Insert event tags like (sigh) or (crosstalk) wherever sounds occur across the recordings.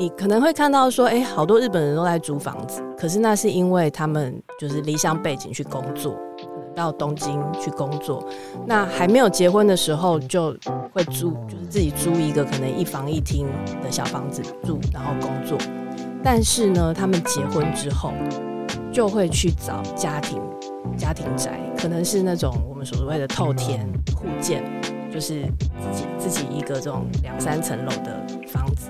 你可能會看到說，哎、欸，好多日本人都在租房子，可是那是因為他們就是離鄉背井去工作，到東京去工作。那還沒有結婚的時候，就會租，就是自己租一個可能一房一廳的小房子住，然後工作。但是呢，他們結婚之後，就會去找家庭家庭宅，可能是那種我們所謂的透天戶建。就是自己自己一個，這種兩三層樓的房子。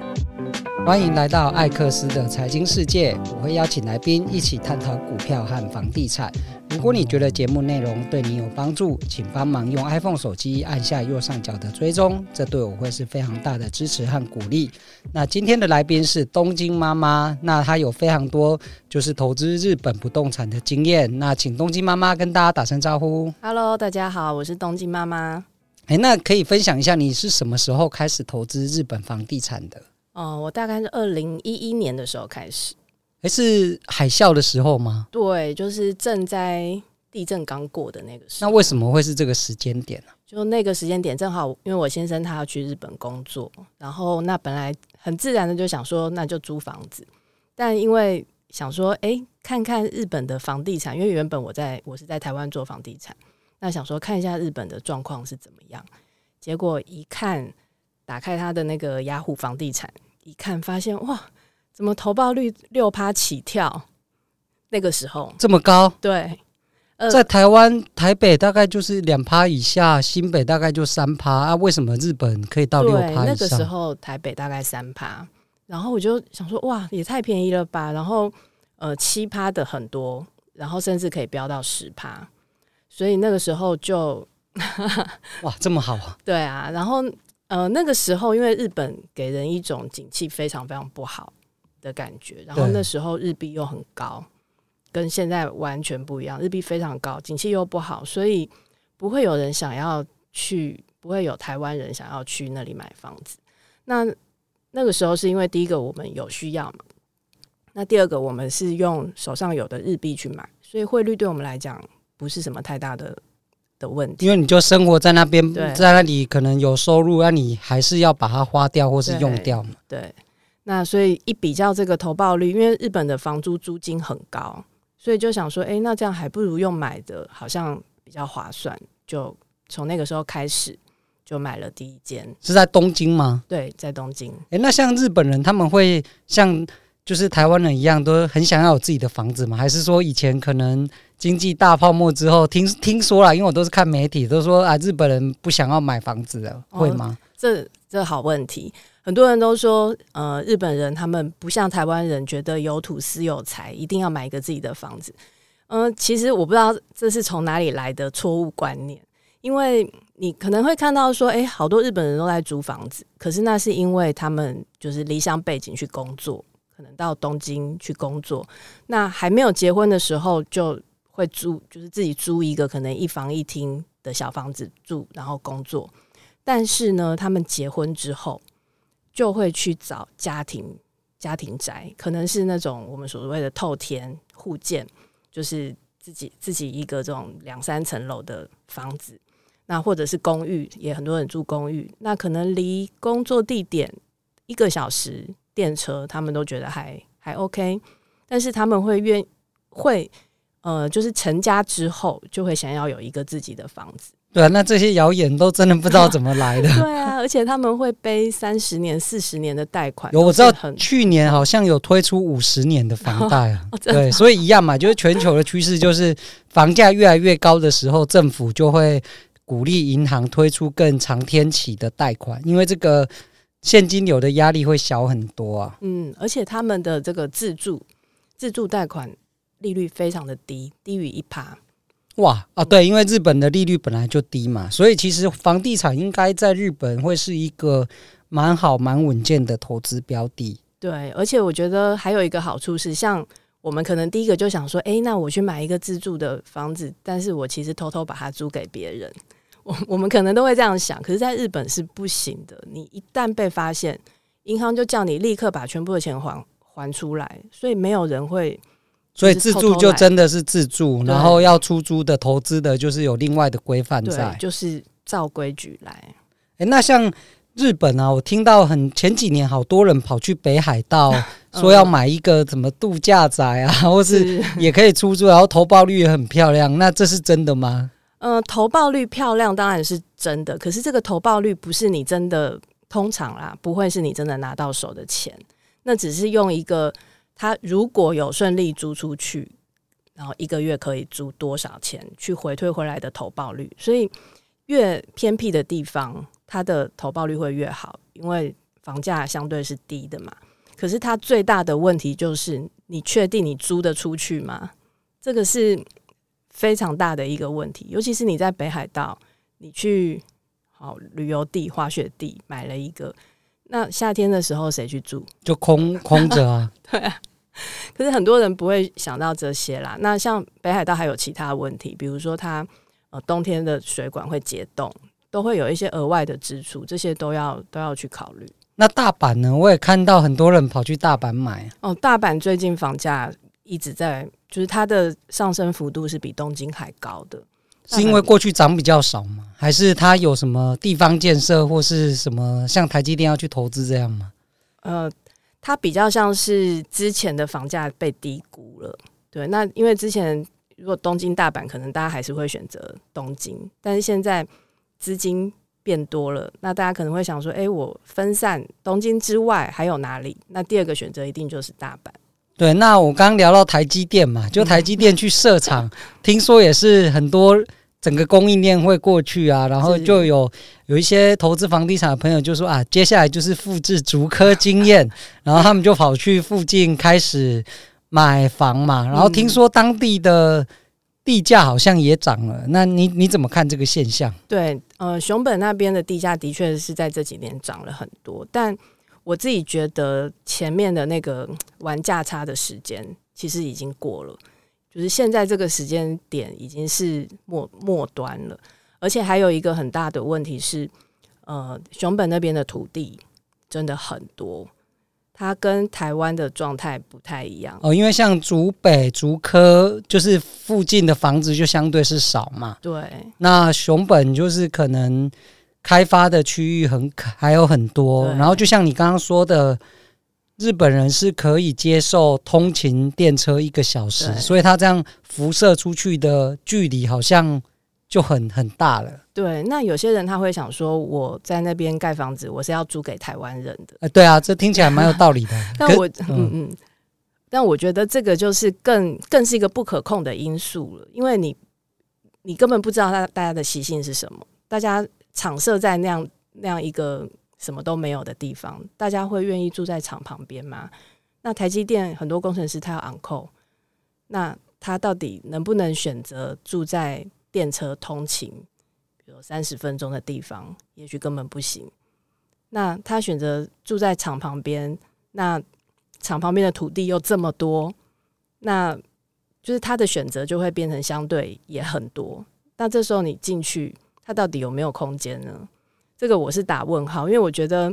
歡迎來到艾克斯的財經世界，我會邀請來賓一起探討股票和房地產。如果你覺得節目內容對你有幫助，請幫忙用 iPhone 手機按下右上角的追蹤，這對我會是非常大的支持和鼓勵。那今天的來賓是東京媽媽，那她有非常多就是投資日本不動產的經驗。那請東京媽媽跟大家打聲招呼。Hello，大家好，我是東京媽媽。哎，那可以分享一下你是什麼時候開始投資日本房地產的？哦，我大概是二零一一年的時候開始。誒，是海嘯的時候嗎？對，就是正在地震剛過的那個時候。那為什麼會是這個時間點呢？就那個時間點正好，因為我先生他要去日本工作，然後那本來很自然的就想說，那就租房子。但因為想說，哎，看看日本的房地產，因為原本我在我是在台灣做房地產。那想說看一下日本的狀況是怎麼樣，結果一看，打開他的那個雅虎房地產，一看發現哇，怎麼投報率六趴起跳？那個時候這麼高？對，呃、在台灣台北大概就是兩趴以下，新北大概就三趴啊？為什麼日本可以到六趴？那個時候台北大概三趴，然後我就想說哇，也太便宜了吧？然後呃，七趴的很多，然後甚至可以飆到十趴。所以那個時候就哇，這麼好啊？ (laughs) 對啊，然後呃那個時候因為日本給人一種景氣非常非常不好的感覺，然後那時候日幣又很高，跟現在完全不一樣，日幣非常高，景氣又不好，所以不會有人想要去，不會有台灣人想要去那裡買房子。那那個時候是因為第一個我們有需要嘛，那第二個我們是用手上有的日幣去買，所以匯率對我們來講。不是什麼太大的的問題，因為你就生活在那邊，在那裡可能有收入，那、啊、你還是要把它花掉或是用掉嘛，對。對，那所以一比較這個投報率，因為日本的房租租金很高，所以就想說，誒、欸，那這樣還不如用買的，好像比較划算。就從那個時候開始，就買了第一間。是在東京嗎？對，在東京。誒、欸，那像日本人他們會像就是台灣人一樣，都很想要有自己的房子嗎？還是說以前可能？經濟大泡沫之後，聽聽說了，因為我都是看媒體，都說啊，日本人不想要買房子了，會嗎？呃、這這好問題，很多人都說，呃，日本人他們不像台灣人，覺得有土斯有財，一定要買一個自己的房子。嗯、呃，其實我不知道這是從哪裡來的錯誤觀念，因為你可能會看到說，誒，好多日本人都在租房子，可是那是因為他們就是離鄉背井去工作，可能到東京去工作，那還沒有結婚的時候就。會租，就是自己租一個可能一房一廳的小房子住，然後工作。但是呢，他們結婚之後就會去找家庭家庭宅，可能是那種我們所謂的透天戶建，就是自己自己一個這種兩三層樓的房子。那或者是公寓，也很多人住公寓。那可能離工作地點一個小時電車，他們都覺得還還 OK。但是他們會願會。呃，就是成家之後就會想要有一個自己的房子。對啊，那這些謠言都真的不知道怎麼來的。 (laughs) 對啊，而且他們會背三十年、四十年的貸款。 (laughs) 有，我知道， (laughs) 去年好像有推出五十年的房貸啊，哦哦。對，所以一樣嘛，就是全球的趨勢，就是房價越來越高的時候，政府就會鼓勵銀行推出更長天期的貸款，因為這個現金流的壓力會小很多啊。嗯，而且他們的這個自住自住貸款。利率非常的低，低於一趴，哇啊！對，因為日本的利率本來就低嘛，所以其實房地產應該在日本會是一個蠻好、蠻穩健的投資標的。對，而且我覺得還有一個好處是，像我們可能第一個就想說，誒，那我去買一個自住的房子，但是我其實偷偷把它租給別人。我我們可能都會這樣想，可是在日本是不行的。你一旦被發現，銀行就叫你立刻把全部的錢還還出來，所以沒有人會。所以自住就真的是自住，投投然後要出租的、投資的，就是有另外的規範在，對，就是照規矩來。欸。那像日本啊，我聽到很前幾年好多人跑去北海道，說要買一個什麼度假宅啊、， (laughs) 嗯、啊，或是也可以出租，然後投報率也很漂亮。那這是真的嗎？嗯，投報率漂亮當然是真的，可是這個投報率不是你真的，通常啦，不會是你真的拿到手的錢，那只是用一個。他如果有順利租出去，然後一個月可以租多少錢？去回推回來的投報率，所以越偏僻的地方，它的投報率會越好，因為房價相對是低的嘛。可是它最大的問題就是，你確定你租得出去嗎？這個是非常大的一個問題，尤其是你在北海道，你去好旅遊地、滑雪地買了一個，那夏天的時候誰去住？就空空着啊， (laughs) 對啊。其實很多人不會想到這些啦。那像北海道還有其他問題，比如說它呃冬天的水管會結凍，都會有一些額外的支出，這些都要都要去考慮。那大阪呢？我也看到很多人跑去大阪買哦。大阪最近房價一直在，就是它的上升幅度是比東京還高的，是因為過去漲比較少嗎？還是它有什麼地方建設，或是什麼像台積電要去投資這樣嗎？呃。它比較像是之前的房價被低估了，對。那因為之前如果東京、大阪，可能大家還是會選擇東京，但是現在資金變多了，那大家可能會想說，哎、欸，我分散東京之外還有哪裡？那第二個選擇一定就是大阪。對，那我剛剛聊到台積電嘛，就台積電去設廠，嗯，聽說也是很多。整個供應鏈會過去啊，然後就有有一些投資房地產的朋友就說啊，接下來就是複製竹科經驗， (laughs) 然後他們就跑去附近開始買房嘛，然後聽說當地的地價好像也漲了，嗯，那你你怎麼看這個現象？對，呃，熊本那邊的地價的確是在這幾年漲了很多，但我自己覺得前面的那個玩價差的時間其實已經過了。就是現在這個時間點已經是末末端了，而且還有一個很大的問題是，呃，熊本那邊的土地真的很多，它跟台灣的狀態不太一樣哦，因為像竹北、竹科就是附近的房子就相對是少嘛，對。那熊本就是可能開發的區域很，還有很多，然後就像你剛剛說的。日本人是可以接受通勤電車一個小時，所以他這樣輻射出去的距離好像就很很大了。對，那有些人他會想說，我在那邊蓋房子，我是要租給台灣人的。哎、欸，對啊，這聽起來蠻有道理的。 (laughs) 但我，嗯嗯，但我覺得這個就是更更是一個不可控的因素了，因為你你根本不知道大大家的習性是什麼，大家場設在那樣那樣一個什麼都沒有的地方，大家會願意住在廠旁邊嗎？那台積電很多工程師他要 a n c 那他到底能不能選擇住在電車通勤，比如三十分鐘的地方？也許根本不行。那他選擇住在廠旁邊，那廠旁邊的土地又這麼多，那就是他的選擇就會變成相對也很多。那這時候你進去，他到底有沒有空間呢？這個我是打問號，因為我覺得，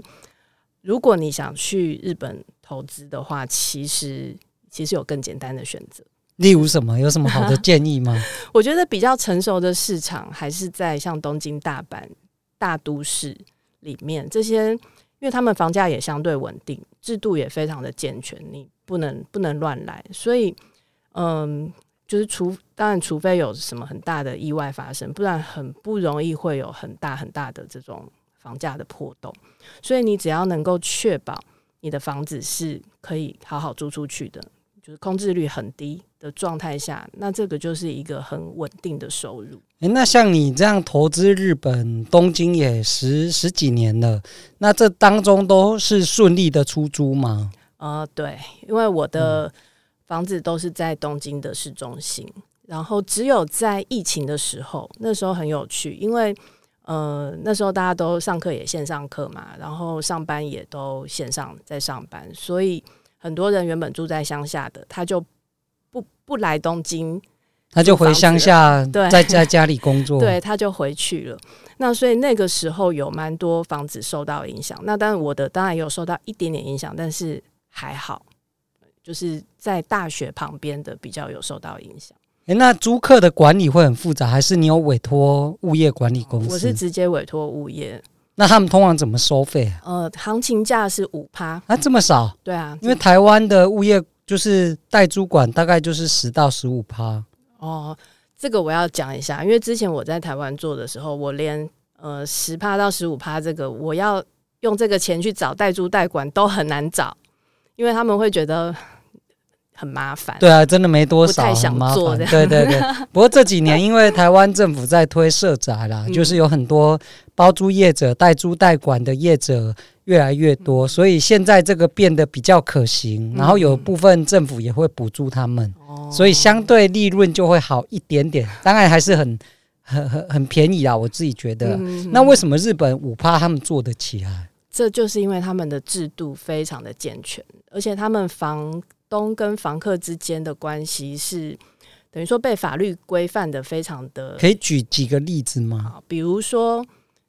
如果你想去日本投資的話，其實其實有更簡單的選擇。例如什麼？有什麼好的建議嗎？ (laughs) 我覺得比較成熟的市場還是在像東京、大阪、大都市裡面這些，因為他們房價也相對穩定，制度也非常的健全，你不能不能亂來。所以，嗯，就是除當然，除非有什麼很大的意外發生，不然很不容易會有很大很大的這種。房價的波動，所以你只要能夠確保你的房子是可以好好租出去的，就是空置率很低的狀態下，那這個就是一個很穩定的收入。誒、欸，那像你這樣投資日本東京也十十幾年了，那這當中都是順利的出租嗎、呃？對，因為我的房子都是在東京的市中心，然後只有在疫情的時候，那時候很有趣，因為。呃，那時候大家都上課也線上課嘛，然後上班也都線上在上班，所以很多人原本住在鄉下的，他就不不來東京，他就回鄉下，在在家裡工作，對， (laughs) 對，他就回去了。 (laughs) 那所以那個時候有蠻多房子受到影響，那當然我的當然也有受到一點點影響，但是還好，就是在大學旁邊的比較有受到影響。哎、欸，那租客的管理會很複雜，還是你有委托物業管理公司？哦、我是直接委托物業。那他們通常怎麼收費？呃，行情價是五趴，啊，這麼少、嗯？對啊，因為台灣的物業就是代租管，大概就是十到十五趴。哦，這個我要講一下，因為之前我在台灣做的時候，我連呃十趴到十五趴這個，我要用這個錢去找代租代管都很難找，因為他們會覺得。很麻煩，對啊，真的沒多少，不太想做。對對對，不過這幾年因為台灣政府在推社宅啦、嗯，就是有很多包租業者、代租代管的業者越來越多、嗯，所以現在這個變得比較可行。嗯、然後有部分政府也會補助他們、嗯，所以相對利潤就會好一點點。哦、當然還是很很很很便宜啊，我自己覺得。嗯嗯，那為什麼日本五趴他們做得起來？這就是因為他們的制度非常的健全，而且他們房。東跟房客之間的關係是等於說被法律規範的非常的，可以舉幾個例子嗎？比如說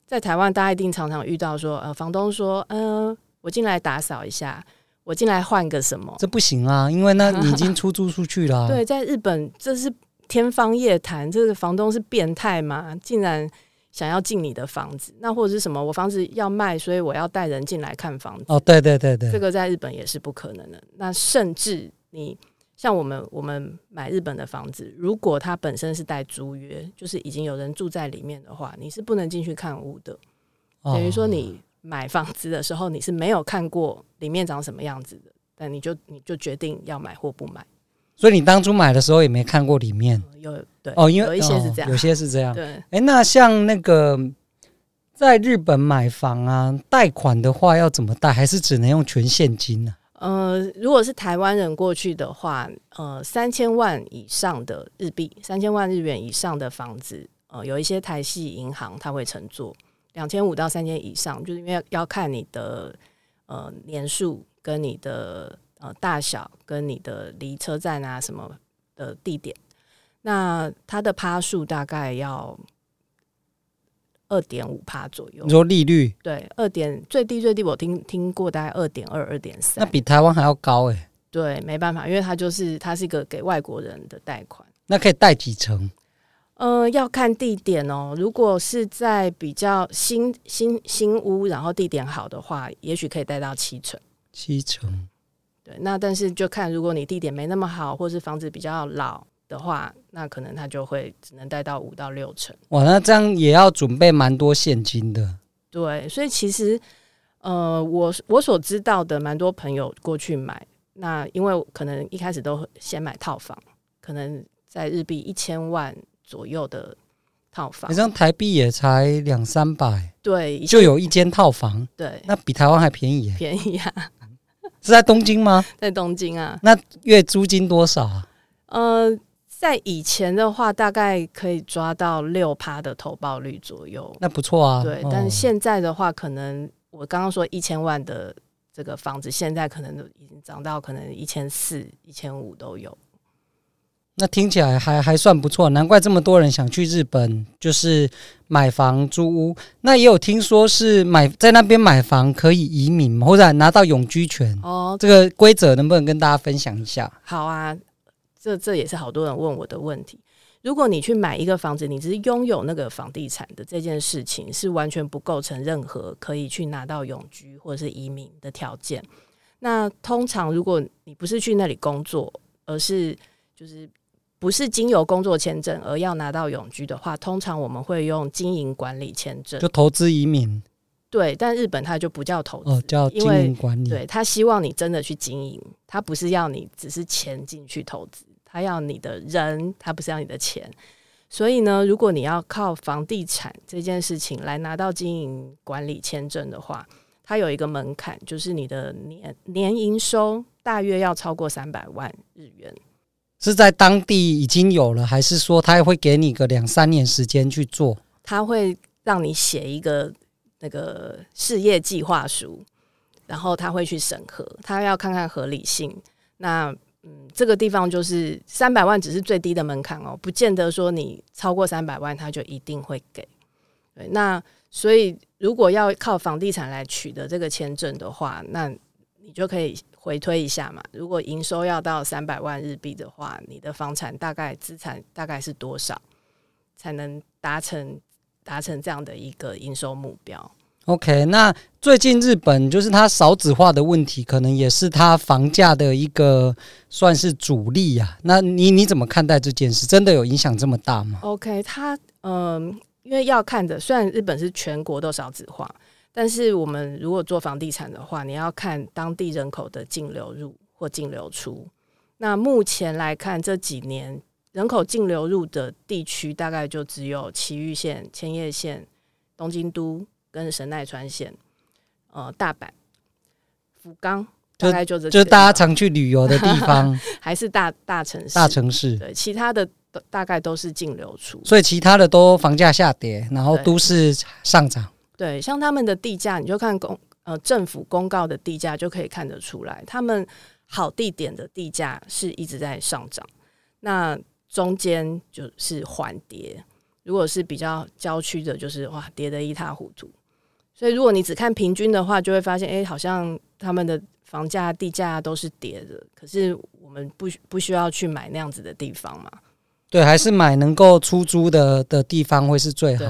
在台灣，大家一定常常遇到說，呃，房東說，嗯、呃，我進來打掃一下，我進來換個什麼，這不行啊，因為那你已經出租出去了、啊。 (laughs) 對，在日本這是天方夜譚，這個房東是變態嘛，竟然。想要進你的房子，那或者是什麼？我房子要賣，所以我要帶人進來看房子。哦，對對對對，這個在日本也是不可能的。那甚至你像我們，我們買日本的房子，如果它本身是帶租約，就是已經有人住在裡面的話，你是不能進去看屋的。等於說，你買房子的時候，你是沒有看過裡面長什麼樣子的，但你就你就決定要買或不買。所以你當初買的時候也沒看過裡面，嗯、有對哦，因為有一些是這樣。哦，有些是這樣。對，哎、欸，那像那個在日本買房啊，貸款的話要怎麼貸？還是只能用全現金呢、啊？呃，如果是台灣人過去的話，呃，三千萬以上的日幣，三千萬日元以上的房子，呃，有一些台系銀行他會承做兩千五到三千以上，就是因為要看你的呃年數跟你的。呃，大小跟你的離車站啊什麼的地點，那它的趴數大概要二點五趴左右。你說利率？對，二點最低最低我聽聽過，大概二點二、二點三。那比台灣還要高哎、欸。對，沒辦法，因為它就是它是一個給外國人的貸款。那可以貸幾成？呃，要看地點哦、喔。如果是在比較新新新屋，然後地點好的話，也許可以貸到七成。七成。對，那但是就看如果你地點沒那麼好，或是房子比較老的話，那可能他就會只能帶到五到六成。哇，那這樣也要準備蠻多現金的。對，所以其實呃，我我所知道的蠻多朋友過去買，那因為可能一開始都先買套房，可能在日幣一千萬左右的套房，你像台幣也才兩三百，對，就有一間套房，對，那比台灣還便宜，便宜啊。是在東京嗎？ (laughs) 在東京啊，那月租金多少啊？嗯、呃，在以前的話，大概可以抓到六趴的投報率左右，那不錯啊。對、嗯，但是現在的話，可能我剛剛說一千萬的這個房子，現在可能都已經漲到可能一千四、一千五都有。那聽起來還還算不錯，難怪這麼多人想去日本，就是買房租屋。那也有聽說是買在那邊買房可以移民嘛，或者拿到永居權？哦，這個規則能不能跟大家分享一下？好啊，這這也是好多人問我的問題。如果你去買一個房子，你只是擁有那個房地產的這件事情，是完全不構成任何可以去拿到永居或者是移民的條件。那通常如果你不是去那裡工作，而是就是。不是經由工作簽證，而要拿到永居的話，通常我們會用經營管理簽證。就投資移民？對，但日本它就不叫投資，哦，叫經營管理。對，他希望你真的去經營，他不是要你只是錢進去投資，他要你的人，他不是要你的錢。所以呢，如果你要靠房地產這件事情來拿到經營管理簽證的話，它有一個門檻，就是你的年年營收大約要超過三百萬日元。是在當地已經有了，還是說他會給你個兩三年時間去做？他會讓你寫一個那個事業計劃書，然後他會去審核，他要看看合理性。那嗯，這個地方就是三百萬只是最低的門檻哦，不見得說你超過三百萬他就一定會給。對，那所以如果要靠房地產來取得這個簽證的話，那。你就可以回推一下嘛。如果營收要到三百萬日幣的話，你的房產大概資產大概是多少才能達成，達成這樣的一個營收目標？OK，那最近日本就是它少子化的問題，可能也是它房價的一個算是主力呀、啊。那你你怎麼看待這件事？真的有影響這麼大嗎？OK，它嗯、呃，因為要看的，雖然日本是全國都少子化。但是我們如果做房地產的話，你要看當地人口的淨流入或淨流出。那目前來看，這幾年人口淨流入的地區大概就只有埼玉縣、千葉縣、東京都跟神奈川縣，呃，大阪、福岡，大概就這，就是大家常去旅遊的地方， (laughs) 還是大大城市，大城市。對，其他的都大概都是淨流出，所以其他的都房價下跌，然後都市上漲。對，像他們的地價，你就看公呃政府公告的地價就可以看得出來，他們好地點的地價是一直在上漲，那中間就是緩跌。如果是比較郊區的，就是哇，跌得一塌糊塗。所以如果你只看平均的話，就會發現，哎、欸，好像他們的房價、地價都是跌的。可是我們不不需要去買那樣子的地方嘛。對，還是買能夠出租的的地方會是最好。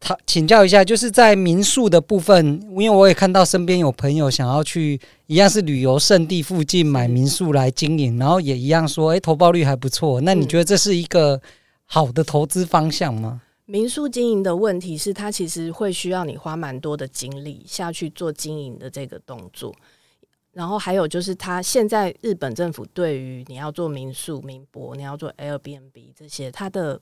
他請教一下，就是在民宿的部分，因為我也看到身邊有朋友想要去一樣是旅遊勝地附近買民宿來經營，然後也一樣說，誒、欸，投報率還不錯。那你覺得這是一個好的投資方向嗎？嗯、民宿經營的問題是，它其實會需要你花蠻多的精力下去做經營的這個動作。然後還有就是，它現在日本政府對於你要做民宿、民博、你要做 Airbnb 這些，它的。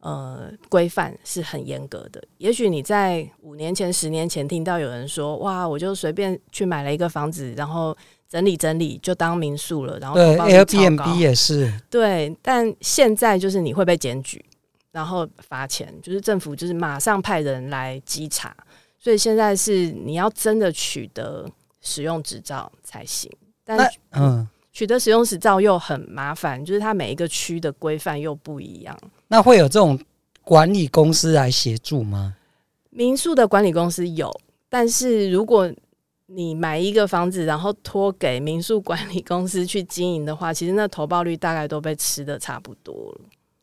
呃，規範是很嚴格的。也許你在五年前、十年前聽到有人說：“哇，我就隨便去買了一個房子，然後整理整理就當民宿了。”然後對，Airbnb 也是對。但現在就是你會被檢舉，然後罰錢，就是政府就是馬上派人來稽查。所以現在是你要真的取得使用執照才行。但嗯，取得使用執照又很麻煩，就是它每一個區的規範又不一樣。那會有這種管理公司來協助嗎？民宿的管理公司有，但是如果你買一個房子，然後託給民宿管理公司去經營的話，其實那投報率大概都被吃的差不多了。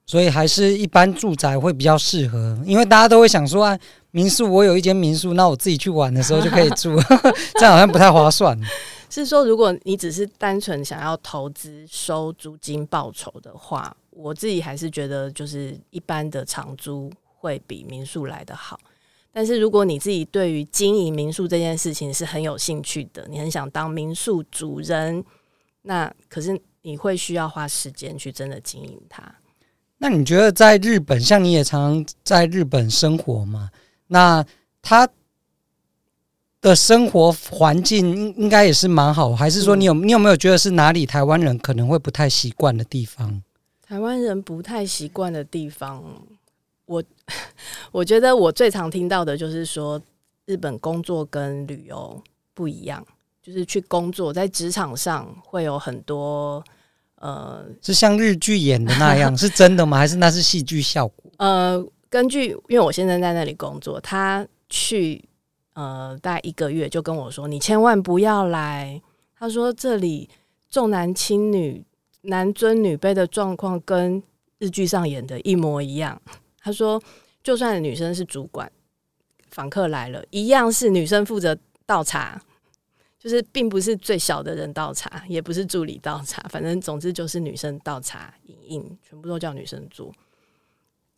所以還是一般住宅會比較適合，因為大家都會想說，啊，民宿我有一間民宿， (laughs) 那我自己去玩的時候就可以住， (laughs) 這樣好像不太划算。 (laughs) 是說，如果你只是單純想要投資收租金報酬的話。我自己還是覺得，就是一般的長租會比民宿來得好。但是如果你自己對於經營民宿這件事情是很有興趣的，你很想當民宿主人，那可是你會需要花時間去真的經營它。那你覺得在日本，像你也常常在日本生活嘛？那他的生活環境應應該也是蠻好，還是說你有、嗯、你有沒有覺得是哪裡台灣人可能會不太習慣的地方？台灣人不太習慣的地方，我我覺得我最常聽到的就是說，日本工作跟旅遊不一樣，就是去工作在職場上會有很多呃，是像日劇演的那樣 (laughs) 是真的嗎？還是那是戲劇效果？呃，根據因為我先生在那裡工作，他去呃大概一個月就跟我說，你千萬不要來，他說這裡重男輕女。男尊女卑的狀況跟日劇上演的一模一樣。他說，就算女生是主管，訪客來了，一樣是女生負責倒茶，就是並不是最小的人倒茶，也不是助理倒茶，反正總之就是女生倒茶，隱隱，全部都叫女生做。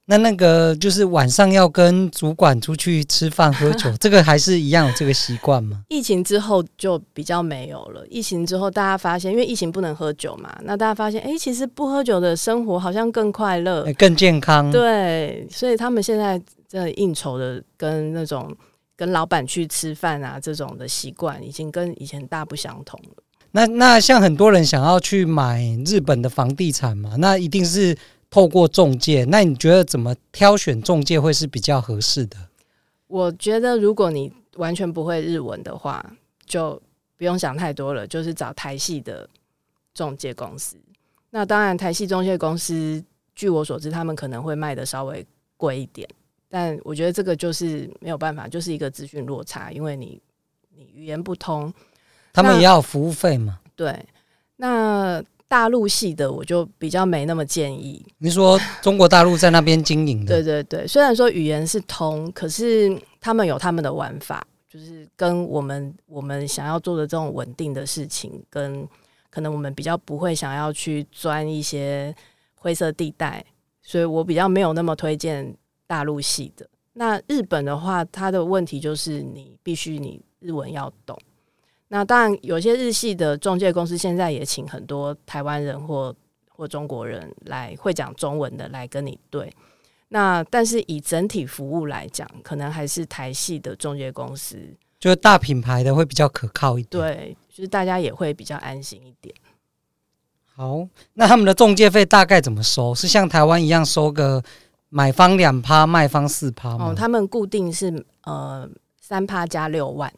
那那個就是晚上要跟主管出去吃飯喝酒， (laughs) 這個還是一樣有這個習慣嗎？疫情之後就比較沒有了。疫情之後，大家發現，因為疫情不能喝酒嘛，那大家發現，哎、欸，其實不喝酒的生活好像更快樂、欸、更健康。對，所以他們現在真的應酬的跟那種跟老闆去吃飯啊這種的習慣，已經跟以前大不相同了。那那像很多人想要去買日本的房地產嘛，那一定是。透過中介，那你覺得怎麼挑選中介會是比較合適的？我覺得，如果你完全不會日文的話，就不用想太多了，就是找台系的中介公司。那當然，台系中介公司，據我所知，他們可能會賣得稍微貴一點，但我覺得這個就是沒有辦法，就是一個資訊落差，因為你你語言不通，他們也要服務費嘛。對，那。大陸系的我就比較沒那麼建議。你說中國大陸在那邊經營的 (laughs) 對對對。雖然說語言是通，可是他們有他們的玩法，就是跟我們我們想要做的這種穩定的事情，跟可能我們比較不會想要去鑽一些灰色地帶，所以我比較沒有那麼推薦大陸系的。那日本的話，它的問題就是你必須你日文要懂。那當然，有些日系的中介公司現在也請很多台灣人或或中國人來會講中文的來跟你對。那但是以整體服務來講，可能還是台系的中介公司就是大品牌的會比較可靠一點，對，就是大家也會比較安心一點。好，那他們的中介費大概怎麼收？是像台灣一樣收個買方兩趴，賣方四趴嗎？哦，他們固定是呃三趴加六萬，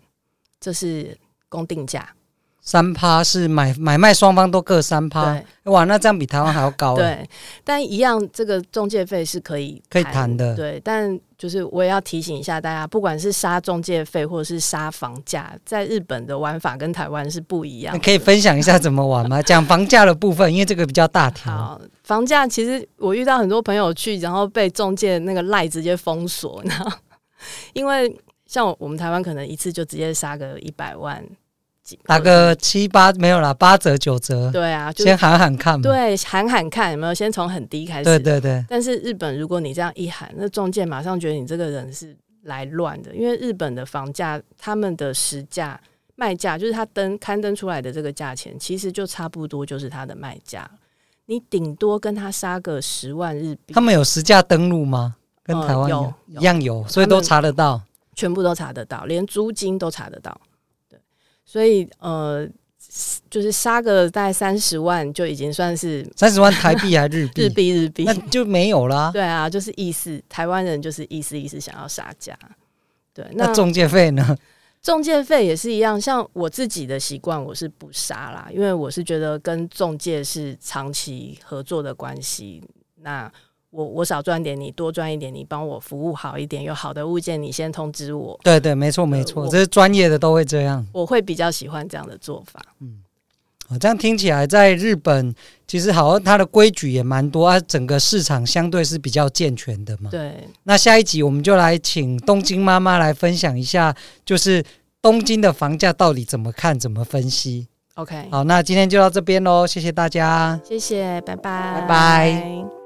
這是。公定價三趴是買買賣雙方都各三趴。哇，那這樣比台灣還要高！對，但一樣，這個中介費是可以談、可以談的。對，但就是我也要提醒一下大家，不管是殺中介費，或者是殺房價，在日本的玩法跟台灣是不一樣。你可以分享一下怎麼玩嗎？講 (laughs) 房價的部分，因為這個比較大條。房價其實我遇到很多朋友去，然後被中介那個賴直接封鎖，然後因為像我們台灣可能一次就直接殺個一百萬。打個七八，沒有啦，八折九折。對啊，就先喊喊看嘛。對，喊喊看有沒有先從很低開始。對對對。但是日本如果你這樣一喊，那中介馬上覺得你這個人是來亂的，因為日本的房價，他們的實價賣價，就是他登刊登出來的這個價錢，其實就差不多就是他的賣價。你頂多跟他殺個十萬日幣。他們有實價登錄嗎？跟台灣一樣有，嗯，有，有，所以都查得到。全部都查得到，連租金都查得到。所以呃，就是殺個大概三十萬就已經算是，三十萬台幣還日幣？ (laughs) 日幣日幣，那就沒有啦、啊。對啊，就是意思，台灣人就是意思意思想要殺價。對，那，那中介費呢？中介費也是一樣，像我自己的習慣，我是不殺啦，因為我是覺得跟中介是長期合作的關係。那我我少賺點，你多賺一點，你幫我服務好一點，有好的物件你先通知我。對對，沒錯沒錯、呃，這是專業的都會這樣。我會比較喜歡這樣的做法。嗯，好，這樣聽起來，在日本其實好像它的規矩也蠻多，啊，整個市場相對是比較健全的嘛。對。那下一集我們就來請東京媽媽來分享一下，就是東京的房價到底怎麼看、怎麼分析。OK，好，那今天就到這邊嘍，謝謝大家，謝謝，拜拜，拜拜。